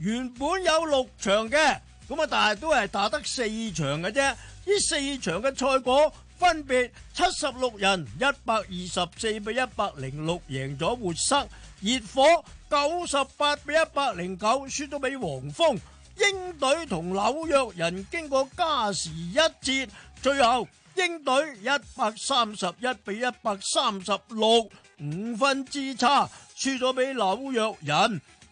原本有六場嘅，咁啊，但係都係打得四場嘅啫。呢四場嘅賽果分別，七十六人一百二十四比一百零六贏咗活塞，熱火九十八比一百零九輸咗俾黃蜂。鷹隊同紐約人經過加時一節，最後鷹隊一百三十一比一百三十六五分之差輸咗俾紐約人。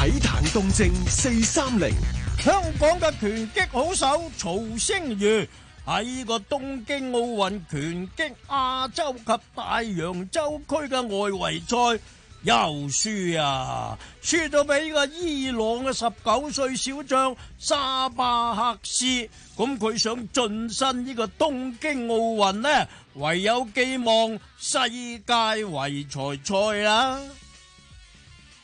體壇動靜四三零，香港嘅拳擊好手曹星如喺呢個東京奧運拳擊亞洲及大洋洲區嘅外圍賽又輸啊，輸咗俾個伊朗嘅十九歲小將沙巴克斯。咁佢想晉身呢個東京奧運呢？唯有寄望世界圍才賽啦。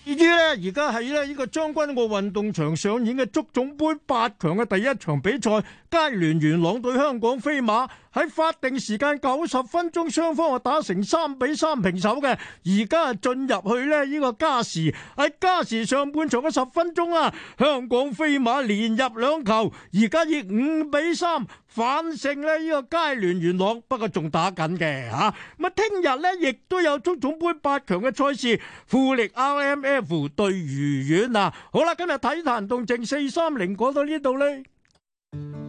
至於咧，而家喺咧呢個將軍澳運動場上演嘅足總杯八強嘅第一場比賽，佳聯元朗對香港飛馬。喺法定時間九十分鐘，雙方啊打成三比三平手嘅，而家進入去咧呢個加時喺加時上半場嘅十分鐘啊，香港飛馬連入兩球，而家以五比三反勝咧呢個佳聯元朗，不過仲打緊嘅吓。咁啊，聽日呢亦都有足總杯八強嘅賽事富力 R M F 對愉園啊。好啦，今日體壇動靜四三零講到呢度呢。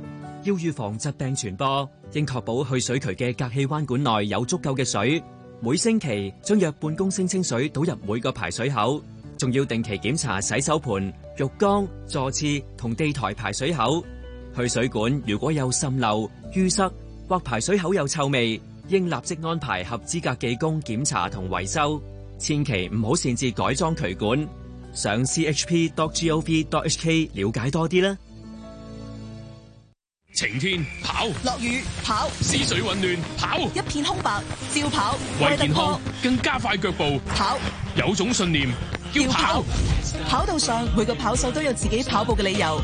要預防疾病傳播，應確保去水渠嘅隔氣彎管內有足夠嘅水。每星期將約半公升清水倒入每個排水口，仲要定期檢查洗手盆、浴缸、坐廁同地台排水口。去水管如果有滲漏、淤塞或排水口有臭味，應立即安排合資格技工檢查同維修。千祈唔好擅自改裝渠管。上 chp.gov.hk 了解多啲啦。晴天跑，落雨跑，思緒混亂跑，一片空白照跑，為健康更加快腳步跑，有種信念叫跑跳跳。跑道上每個跑手都有自己跑步嘅理由。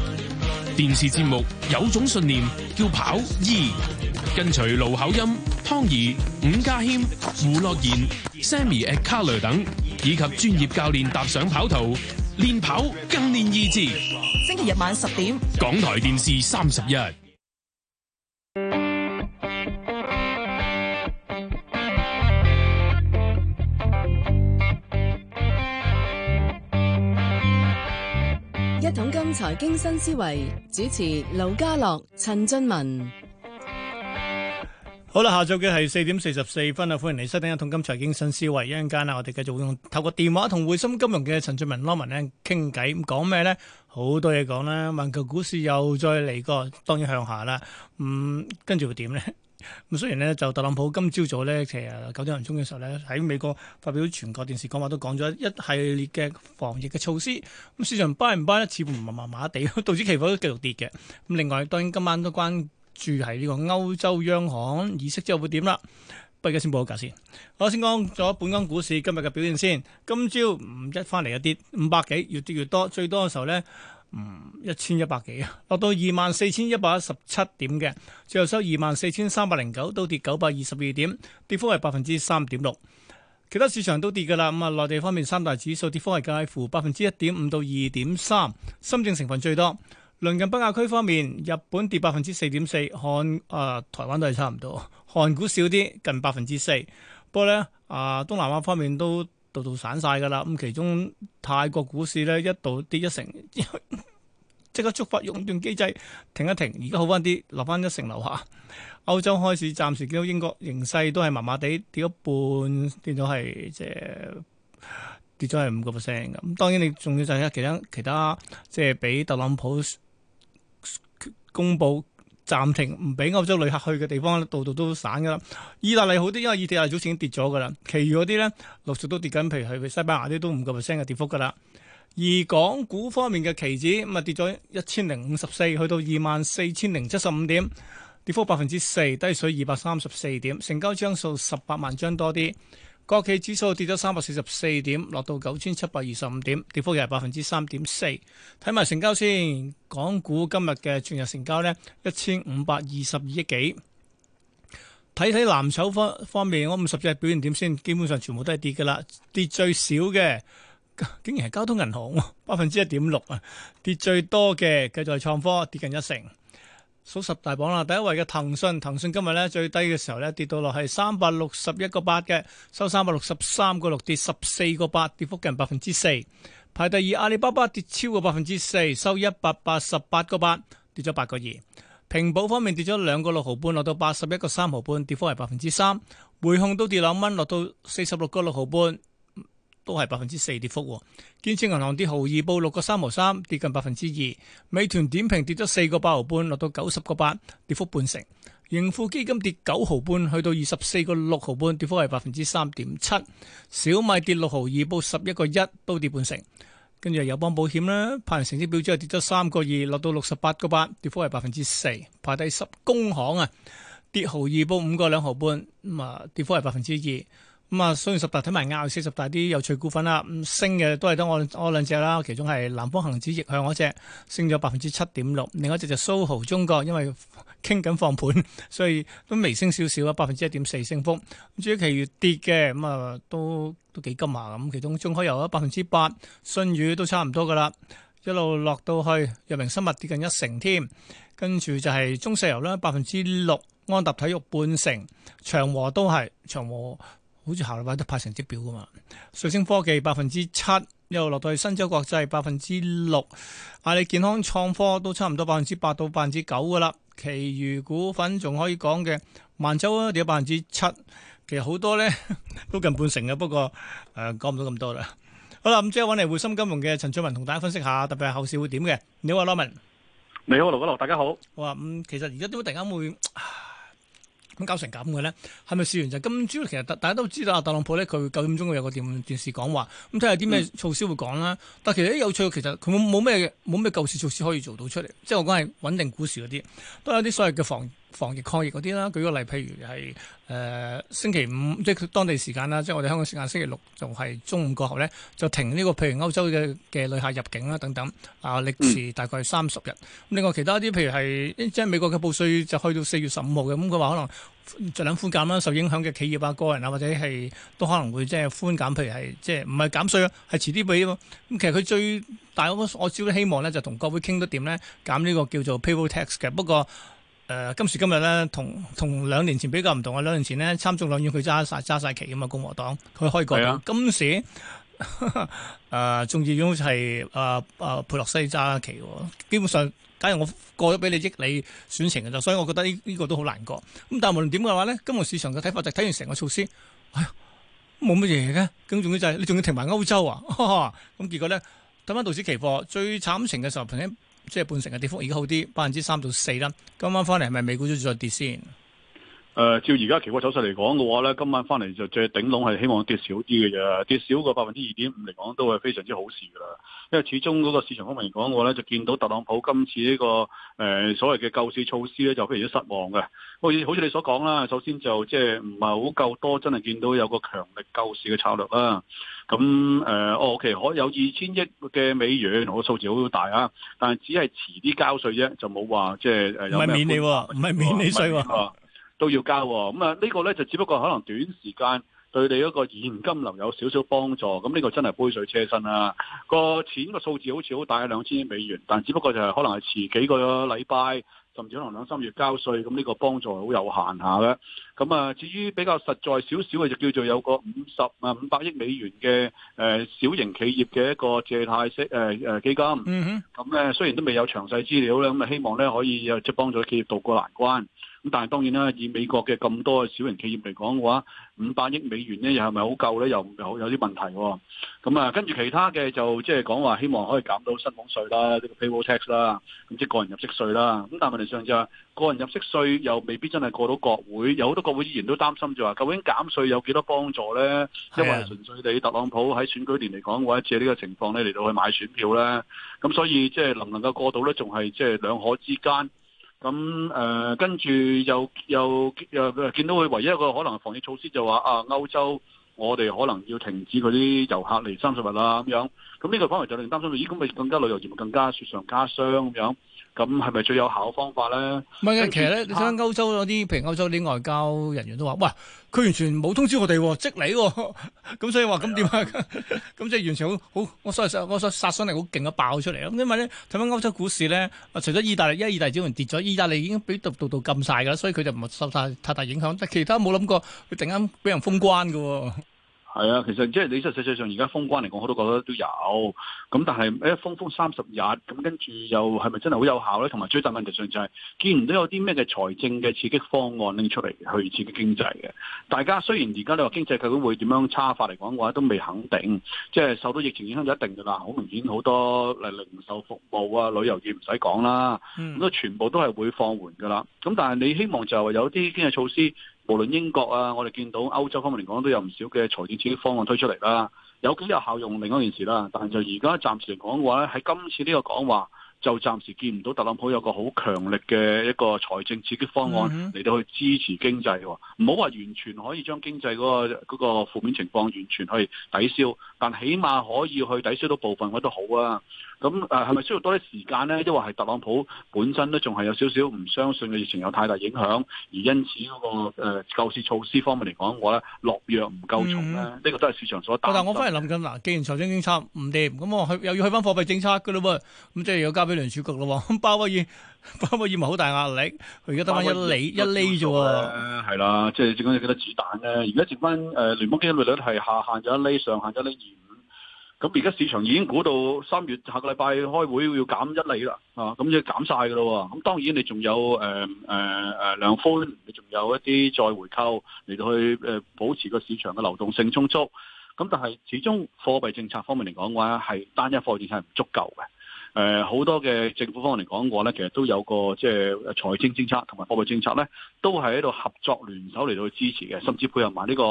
電視節目有種信念叫跑二、e,，跟隨盧口音、湯怡、伍家謙、胡樂賢、Sammy at c a r l 等以及專業教練踏上跑道練跑更練意志。星期日晚十點，港台電視三十一。桶金財經新思維主持，劉家樂、陳俊文，好啦，下晝嘅係四點四十四分啊！歡迎你收聽《一桶金財經新思維》，一陣間啊，我哋繼續用透過電話同匯心金融嘅陳俊文、Norman 咧，傾偈，講咩咧？好多嘢講啦，環球股市又再嚟過，當然向下啦。嗯，跟住會點咧？咁雖然咧，就特朗普今朝早咧，其實九點零鐘嘅時候咧，喺美國發表全國電視講話，都講咗一系列嘅防疫嘅措施。咁市場掰唔掰呢？似乎麻麻麻地，道指期貨都繼續跌嘅。咁另外，當然今晚都關注係呢個歐洲央行議息之後會點啦。不如家先報一好先價先。我先講咗本港股市今日嘅表現先。今朝唔一返嚟一跌五百幾，越跌越多，最多嘅時候咧。嗯，一千一百幾啊，落到二萬四千一百一十七點嘅，最後收二萬四千三百零九，都跌九百二十二點，跌幅係百分之三點六。其他市場都跌㗎啦，咁、嗯、啊，內地方面三大指數跌幅係介乎百分之一點五到二點三，深證成分最多。鄰近北亞區方面，日本跌百分之四點四，韓啊、呃、台灣都係差唔多，韓股少啲，近百分之四。不過呢，啊、呃、東南亞方面都度度散晒㗎啦，咁其中泰國股市咧一度跌一成，即 刻觸發熔斷機制停一停，而家好翻啲，落翻一成樓下。歐洲開市暫時見到英國形勢都係麻麻地跌一半，跌咗係即係跌咗係五個 percent 㗎。咁當然你仲要就係其他其他即係俾特朗普公佈暫停唔俾歐洲旅客去嘅地方，度度都散噶啦。意大利好啲，因為意大利早前已經跌咗噶啦。其餘嗰啲咧，陸續都跌緊，譬如去西班牙啲都五個 percent 嘅跌幅噶啦。而港股方面嘅期指咁啊跌咗一千零五十四，去到二萬四千零七十五點，跌幅百分之四，低水二百三十四點，成交張數十八萬張多啲。國企指數跌咗三百四十四點，落到九千七百二十五點，跌幅又係百分之三點四。睇埋成交先，港股今日嘅全日成交呢，一千五百二十二億幾。睇睇藍籌方方面，我五十隻表現點先，基本上全部都係跌噶啦。跌最少嘅竟然係交通銀行，百分之一點六啊。跌最多嘅繼續係創科，跌近一成。數十大榜啦，第一位嘅騰訊，騰訊今日咧最低嘅時候咧跌到落係三百六十一個八嘅，收三百六十三個六，跌十四個八，跌幅近百分之四。排第二，阿里巴巴跌超過百分之四，收一百八十八個八，跌咗八個二。平保方面跌咗兩個六毫半，落到八十一個三毫半，跌幅係百分之三。匯控都跌兩蚊，落到四十六個六毫半。都係百分之四跌幅，建設銀行跌毫二報六個三毫三，跌近百分之二；美團點評跌咗四個八毫半，落到九十個八，跌幅半成；盈富基金跌九毫半，去到二十四個六毫半，跌幅係百分之三點七；小米跌六毫二報十一個一，都跌半成；跟住係友邦保險啦，派完成績表之後跌咗三個二，落到六十八個八，跌幅係百分之四；排第十工行啊，跌毫二報五個兩毫半，咁啊跌幅係百分之二。咁啊，所以、嗯、十大睇埋亞四十大啲有趣股份啦。咁升嘅都係得我我兩隻啦，其中係南方恒指逆向嗰隻升咗百分之七點六，另一隻就蘇豪中國，因為傾緊放盤，所以都微升少少啊，百分之一點四升幅。至於其餘跌嘅咁啊，都都幾急下咁。其中中海油啊，百分之八，信宇都差唔多噶啦，一路落到去藥明生物跌近一成添。跟住就係中石油啦，百分之六，安踏體育半成，長和都係長和。好似下禮拜都拍成績表噶嘛，瑞星科技百分之七，又落到去新洲國際百分之六，阿、啊、里健康創科都差唔多百分之八到百分之九噶啦，其餘股份仲可以講嘅，萬洲啊跌咗百分之七，其實好多咧都近半成嘅，不過誒講唔到咁多啦。好啦，咁即係揾嚟匯深金融嘅陳翠文同大家分析下，特別係後市會點嘅。你好啊，Lawman。你好，盧哥盧，大家好。我話咁、嗯，其實而家點解突然間會？咁搞成咁嘅咧，係咪試完就金豬？其實大家都知道啊，特朗普咧佢九點鐘會有個電電視講話，咁睇下啲咩措施會講啦。嗯、但其實有趣，其實佢冇冇咩冇咩舊時措施可以做到出嚟，即係我講係穩定股市嗰啲，都有啲所謂嘅防。防疫抗疫嗰啲啦，舉個例，譬如係誒、呃、星期五，即係當地時間啦，即係我哋香港時間星期六就係中午過後咧，就停呢、這個，譬如歐洲嘅嘅旅客入境啦等等。啊，歷時大概三十日。 另外其他啲譬如係即係美國嘅報稅就去到四月十五號嘅，咁佢話可能盡量寬減啦，受影響嘅企業啊、個人啊或者係都可能會即係寬減，譬如係即係唔係減稅啊，係遲啲俾。咁、嗯、其實佢最大我我主要希望呢，就同各位傾得點呢？減呢個叫做 payable tax 嘅。不過。誒，今時今日咧，同同兩年前比較唔同啊！兩年前呢，參眾兩院佢揸晒揸曬旗噶嘛，共和黨佢開過。今時仲要眾議院係誒誒佩洛西揸旗，基本上假如我過咗俾你益你選情嘅就，所以我覺得呢呢個都好難過。咁但係無論點嘅話咧，今日市場嘅睇法就睇完成個措施，冇乜嘢嘅。咁仲要就係、是、你仲要停埋歐洲啊！咁結果咧，睇翻道指期貨最慘情嘅時候，即係半成嘅跌幅，而家好啲，百分之三到四啦。今晚翻嚟係咪美股都要再跌先？誒、呃，照而家期貨走勢嚟講嘅話咧，今晚翻嚟就最頂籠係希望跌少啲嘅啫，跌少個百分之二點五嚟講都係非常之好事㗎啦。因為始終嗰個市場方面嚟講嘅話咧，就見到特朗普今次呢、這個誒、呃、所謂嘅救市措施咧，就非常之失望嘅。好似好似你所講啦，首先就即係唔係好夠多，真係見到有個強力救市嘅策略啦。咁誒，OK，有二千億嘅美元，我、那、數、個、字好大啊，但係只係遲啲交稅啫，就冇話即係誒有唔係免你，唔係免你稅。都要交咁啊！呢、嗯，這個呢，就只不過可能短時間對你一個現金流有少少幫助，咁、嗯、呢、這個真係杯水車薪啦、啊。個錢個數字好似好大，兩千億美元，但只不過就係可能係遲幾個禮拜，甚至可能兩三月交稅，咁、嗯、呢、這個幫助好有限下嘅。咁、嗯、啊，至於比較實在少少嘅，就叫做有個五十啊五百億美元嘅誒、呃、小型企業嘅一個借貸式誒誒基金。嗯哼，咁、嗯、咧、嗯嗯、雖然都未有詳細資料咧，咁、嗯、啊希望呢可以有即幫助企業度過難關。咁但係當然啦，以美國嘅咁多小型企業嚟講嘅話，五百億美元咧又係咪好夠咧？又有有啲問題喎。咁啊，跟住其他嘅就即係講話希望可以減到薪俸稅啦，呢個 Payroll Tax 啦，咁即係個人入息稅啦。咁但係問題上就個人入息稅又未必真係過到國會，有好多國會議員都擔心就話，究竟減稅有幾多幫助咧？因為純粹地，特朗普喺選舉年嚟講，或者借呢個情況咧嚟到去買選票咧，咁所以即係能唔能夠過到咧，仲係即係兩可之間。咁誒、嗯，跟住又又又見到佢唯一一個可能防疫措施就話啊，歐洲我哋可能要停止嗰啲遊客嚟三十日啦咁樣。咁呢個方圍就令人擔心到，咦？咁咪更加旅遊業更加雪上加霜咁樣，咁係咪最有效嘅方法咧？唔係嘅，其實咧，他你睇歐洲嗰啲，譬如歐洲啲外交人員都話，喂，佢完全冇通知我哋、哦，即你、哦，咁 所以話咁點啊？咁即係完全好好，我所以我想殺傷力好勁啊，爆出嚟啊！因為咧，睇翻歐洲股市咧，啊，除咗意大利、因為、意大利仲跌咗，意大利已經俾度度度禁晒㗎啦，所以佢就唔係受太太大影響，但其他冇諗過佢突然間俾人封關㗎喎、哦。係啊，其實即係你實實際上而家封關嚟講，我都覺得都有。咁但係一封封三十日，咁跟住又係咪真係好有效咧？同埋最大問題上就係、是、見唔到有啲咩嘅財政嘅刺激方案拎出嚟去刺激經濟嘅。大家雖然而家你話經濟究竟會點樣差法嚟講嘅話，都未肯定。即係受到疫情影響就一定㗎啦，好明顯好多例如零售服務啊、旅遊業唔使講啦，咁都、嗯、全部都係會放緩㗎啦。咁但係你希望就係有啲經濟措施。無論英國啊，我哋見到歐洲方面嚟講都有唔少嘅財政刺激方案推出嚟啦，有幾有效用，另一件事啦。但係就而家暫時嚟講嘅話咧，喺今次呢個講話，就暫時見唔到特朗普有個好強力嘅一個財政刺激方案嚟到去支持經濟喎，啊。唔好話完全可以將經濟嗰個嗰個負面情況完全去抵消，但起碼可以去抵消到部分，我都好啊。咁誒係咪需要多啲時間咧？因為係特朗普本身都仲係有少少唔相信嘅疫情有太大影響，而因此嗰個救市措施方面嚟講，我咧落藥唔夠重咧，呢個都係市場所打。但我反而諗緊，嗱，既然財政政策唔掂，咁我去又要去翻貨幣政策嘅嘞喎，咁即係要交俾聯儲局嘞喎，包威爾，包威爾咪好大壓力，佢而家得翻一厘，一厘啫喎，係啦，即係只講有幾多子彈咧，而家剩翻誒聯邦基金利率係下限咗一厘，上限咗一厘二。咁而家市場已經估到三月下個禮拜開會要減一厘啦，啊，咁就要減曬噶咯。咁、啊、當然你仲有誒誒誒兩科，你仲有一啲再回購嚟到去誒保持個市場嘅流動性充足。咁、啊、但係始終貨幣政策方面嚟講嘅話，係單一貨幣政策係唔足夠嘅。誒，好、呃、多嘅政府方面嚟講嘅話咧，其實都有個即係財政政策同埋貨幣政策咧，都係喺度合作聯手嚟到支持嘅，甚至配合埋、這、呢個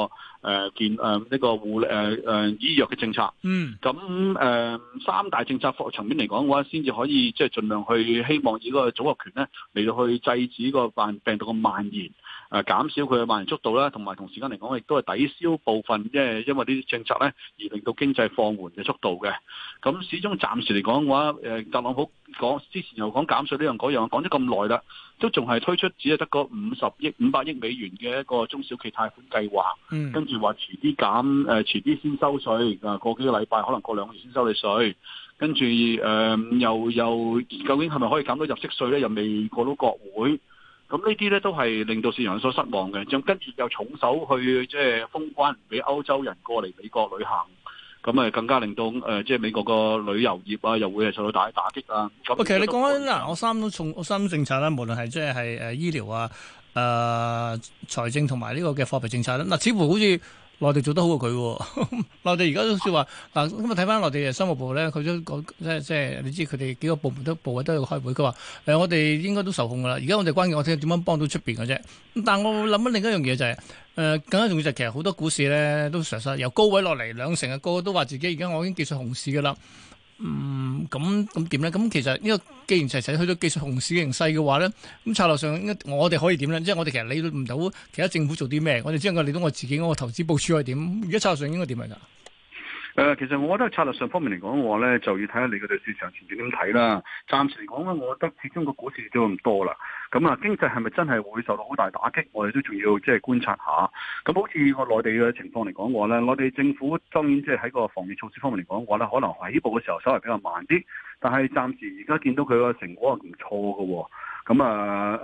誒健誒呢個護誒誒、呃、醫藥嘅政策。嗯，咁誒、呃、三大政策層面嚟講嘅話，先至可以即係盡量去希望以個組合權咧嚟到去制止個泛病毒嘅蔓延。誒、啊、減少佢嘅蔓延速度啦，同埋同時間嚟講，亦都係抵消部分，即係因為呢啲政策咧，而令到經濟放緩嘅速度嘅。咁始終暫時嚟講嘅話，誒、啊、特朗普講之前又講減稅呢樣嗰樣，講咗咁耐啦，都仲係推出只係得個五十億五百億美元嘅一個中小企貸款計劃，跟住話遲啲減誒、啊，遲啲先收稅，啊過幾個禮拜，可能過兩個月先收你稅，跟住誒、啊、又又究竟係咪可以減到入息稅咧？又未過到國會。咁呢啲咧都係令到市場有所失望嘅，仲跟住又重手去即係封關，俾歐洲人過嚟美國旅行，咁啊更加令到誒即係美國個旅遊業啊，又會係受到大打擊啊。其實你講緊嗱，我三種重三政策啦，無論係即係係誒醫療啊、誒財政同埋呢個嘅貨幣政策啦，嗱似乎好似。內地做得好過佢喎，內地而家都說話嗱，咁啊睇翻內地嘅商務部咧，佢都講即係即係，你知佢哋幾個部門，個部門都部位都要開會，佢話誒，我哋應該都受控噶啦。而家我哋關鍵，我睇點樣幫到出邊嘅啫。但係我會諗緊另一樣嘢就係，是，誒、呃，更加重要就係其實好多股市咧都實實由高位落嚟兩成啊，個個都話自己而家我已經技術熊市噶啦。嗯，咁咁點咧？咁、嗯嗯嗯嗯、其實呢個既然齊齊去到技術熊市形勢嘅話咧，咁策略上應該，我哋可以點咧？即係我哋其實理唔到其他政府做啲咩，我哋只能夠理到我自己嗰個投資部署係點。而家策略上應該點嚟㗎？誒、呃，其實我覺得策略上方面嚟講嘅話咧，就要睇下你對市場前景點睇啦。暫時嚟講咧，我覺得始終個股市都咁多啦。咁、嗯、啊，經濟係咪真係會受到好大打擊？我哋都仲要即係觀察下。咁、嗯、好似個內地嘅情況嚟講嘅話咧，內地政府當然即係喺個防疫措施方面嚟講嘅話咧，可能起步嘅時候稍微比較慢啲，但係暫時而家見到佢個成果係唔錯嘅、哦。咁啊，誒、嗯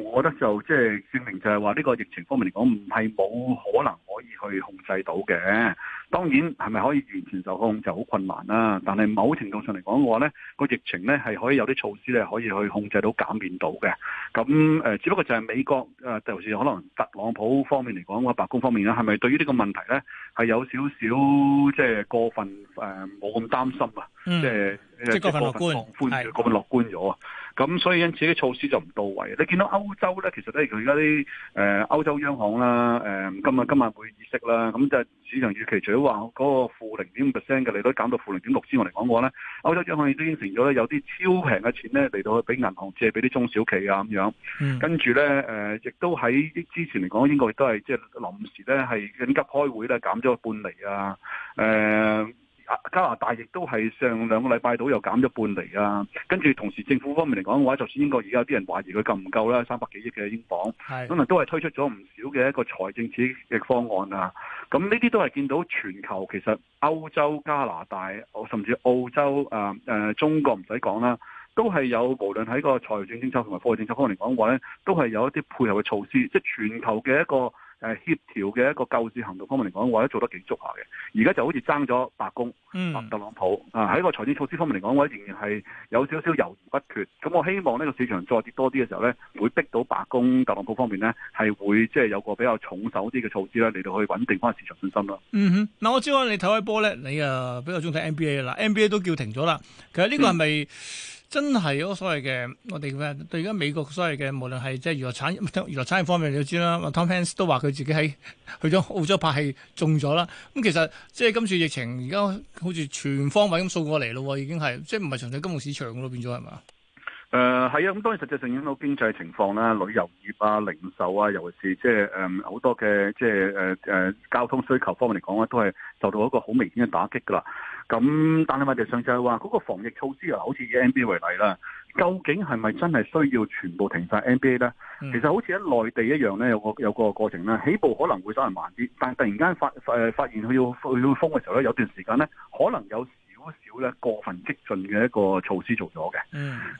嗯，我覺得就即係證明就係話呢個疫情方面嚟講，唔係冇可能可以去控制到嘅。當然係咪可以完全受控就好困難啦、啊。但係某程度上嚟講，嘅話咧個疫情咧係可以有啲措施咧可以去控制到、減免到嘅。咁、嗯、誒，只不過就係美國誒、呃，尤其是可能特朗普方面嚟講，或者白宮方面咧，係咪對於呢個問題咧係有少少即係過分誒，冇、呃、咁擔心啊？即係、嗯、即係係過分樂觀，係過分樂觀咗啊！咁所以因此啲措施就唔到位。你見到歐洲咧，其實咧佢而家啲誒歐洲央行啦，誒、呃、今日今日會議息啦，咁、嗯嗯、就市場預期除、那個，除咗話嗰個負零點五 percent 嘅，利率減到負零點六之外嚟講嘅話咧，歐洲央行亦都應承咗咧，有啲超平嘅錢咧嚟到去俾銀行借俾啲中小企啊咁樣。嗯、跟住咧，誒、呃、亦都喺之前嚟講，英國亦都係即係臨時咧係緊急開會咧減咗個半厘啊，誒、呃。嗯加拿大亦都係上兩個禮拜度又減咗半釐啊，跟住同時政府方面嚟講嘅話，就算英國而家有啲人懷疑佢夠唔夠啦，三百幾億嘅英鎊，咁啊是都係推出咗唔少嘅一個財政刺激方案啊。咁呢啲都係見到全球其實歐洲、加拿大，甚至澳洲、誒、呃、誒中國唔使講啦，都係有無論喺個財政政策同埋貨幣政策方面嚟講嘅話咧，都係有一啲配合嘅措施，即係全球嘅一個。誒，協調嘅一個救市行動方面嚟講，我覺得做得幾足下嘅。而家就好似爭咗白宮，嗯，特朗普啊，喺個財政措施方面嚟講，我哋仍然係有少少猶豫不決。咁我希望呢個市場再跌多啲嘅時候咧，會逼到白宮、特朗普方面咧，係會即係有個比較重手啲嘅措施啦，嚟到可以穩定翻市場信心咯。嗯哼，嗱，我知道你睇開波咧，你啊比較中意睇 NBA 啦，NBA 都叫停咗啦。其實呢個係咪？嗯真係嗰所謂嘅，我哋咩？對而家美國所謂嘅，無論係即係娛樂產業、娛樂產業方面你，你都知啦。Tom Hanks 都話佢自己喺去咗澳洲拍戲中咗啦。咁其實即係今次疫情，而家好似全方位咁掃過嚟咯，已經係即係唔係純粹金融市場咯，變咗係嘛？誒係、呃、啊，咁當然實際上影響到經濟情況啦，旅遊業啊、零售啊，尤其是即係誒好多嘅即係誒誒交通需求方面嚟講咧，都係受到一個好明顯嘅打擊噶啦。咁，但係問題上就係話，嗰個防疫措施啊，好似以 NBA 為例啦，究竟係咪真係需要全部停晒 NBA 咧？其實好似喺內地一樣咧，有個有個過程咧，起步可能會稍為慢啲，但係突然間發誒發、呃、發現佢要佢要封嘅時候咧，有段時間咧，可能有。好少咧過分激進嘅一個措施做咗嘅，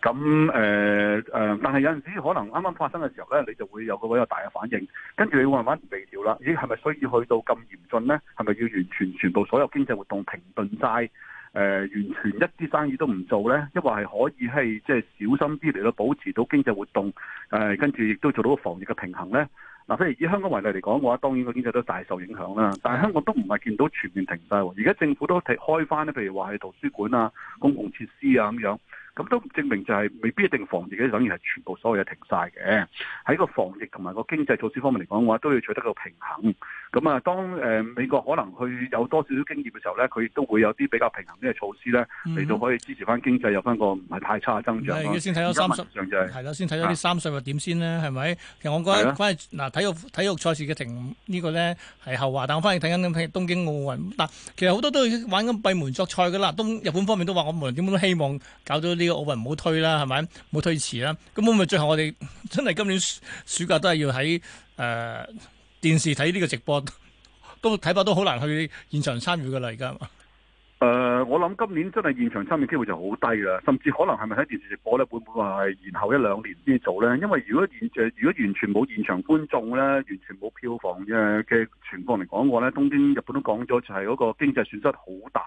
咁誒誒，但係有陣時可能啱啱發生嘅時候咧，你就會有個比較大嘅反應，跟住你會慢慢微調啦，咦係咪需要去到咁嚴峻咧？係咪要完全全部所有經濟活動停頓晒？誒完全一啲生意都唔做咧？抑或係可以係即係小心啲嚟到保持到經濟活動，誒跟住亦都做到個防疫嘅平衡咧。嗱，譬如以香港為例嚟講嘅話，當然個經濟都大受影響啦。但係香港都唔係見到全面停晒，而家政府都開翻咧，譬如話係圖書館啊、公共設施啊咁樣，咁都證明就係未必一定防疫嘅，等於係全部所有嘢停晒嘅。喺個防疫同埋個經濟措施方面嚟講嘅話，都要取得一個平衡。咁啊，當誒美國可能去有多少啲經驗嘅時候咧，佢都會有啲比較平衡啲嘅措施咧，嚟到可以支持翻經濟有翻個唔係太差嘅增長。係咯、嗯，先睇咗三十，係咯、就是，先睇咗啲三十或點先咧，係咪？吧其實我覺得翻去嗱體育體育賽事嘅停、這個、呢個咧係後話，但我翻去睇緊東京奧運，但其實好多都已經玩緊閉門作賽噶啦。東日本方面都話：我無論點都希望搞到呢個奧運唔好推啦，係咪？唔好推遲啦。咁我咪最後我哋真係今年暑假都係要喺誒。呃電視睇呢個直播都睇法都好難去現場參與噶啦，而家。誒，我諗今年真係現場參與機會就好低啦，甚至可能係咪喺電視直播呢？會唔會話係延後一兩年先做呢？因為如果現誒，如果完全冇現場觀眾呢，完全冇票房嘅嘅情況嚟講嘅話呢，東京日本都講咗就係嗰個經濟損失好大。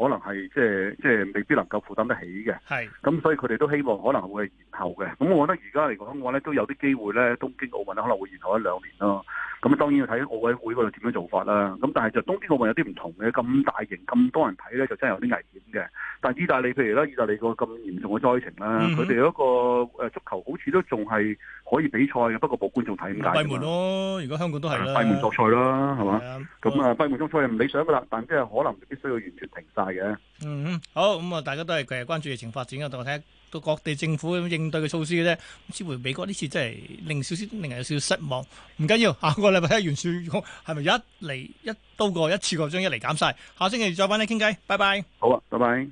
可能係即係即係未必能夠負擔得起嘅，係咁是所以佢哋都希望可能會延後嘅。咁我覺得而家嚟講嘅話咧，都有啲機會咧，東京奧運可能會延後一兩年咯。咁當然要睇奧委會嗰度點樣做法啦。咁但係就東京奧運有啲唔同嘅，咁大型咁多人睇咧，就真係有啲危險嘅。但係意大利譬如啦，意大利個咁嚴重嘅災情啦，佢哋嗰個誒足球好似都仲係。可以比賽，不過，冇觀眾睇咁解。閉門咯，如果香港都係。閉門作賽啦，係咪？閉門作賽係唔理想㗎啦，但即係可能必須要完全停晒嘅。嗯, hm, 好，咁，大家都係繼續，關注疫情發展㗎，等我睇下到各地政府應對嘅措施嘅啫。咁，似乎，美國呢次真係，令少少，令人有少少失望。唔緊要，下個禮拜，係咪，一嚟，一刀過，一次過將一嚟減晒。下個星期再返嚟傾偈。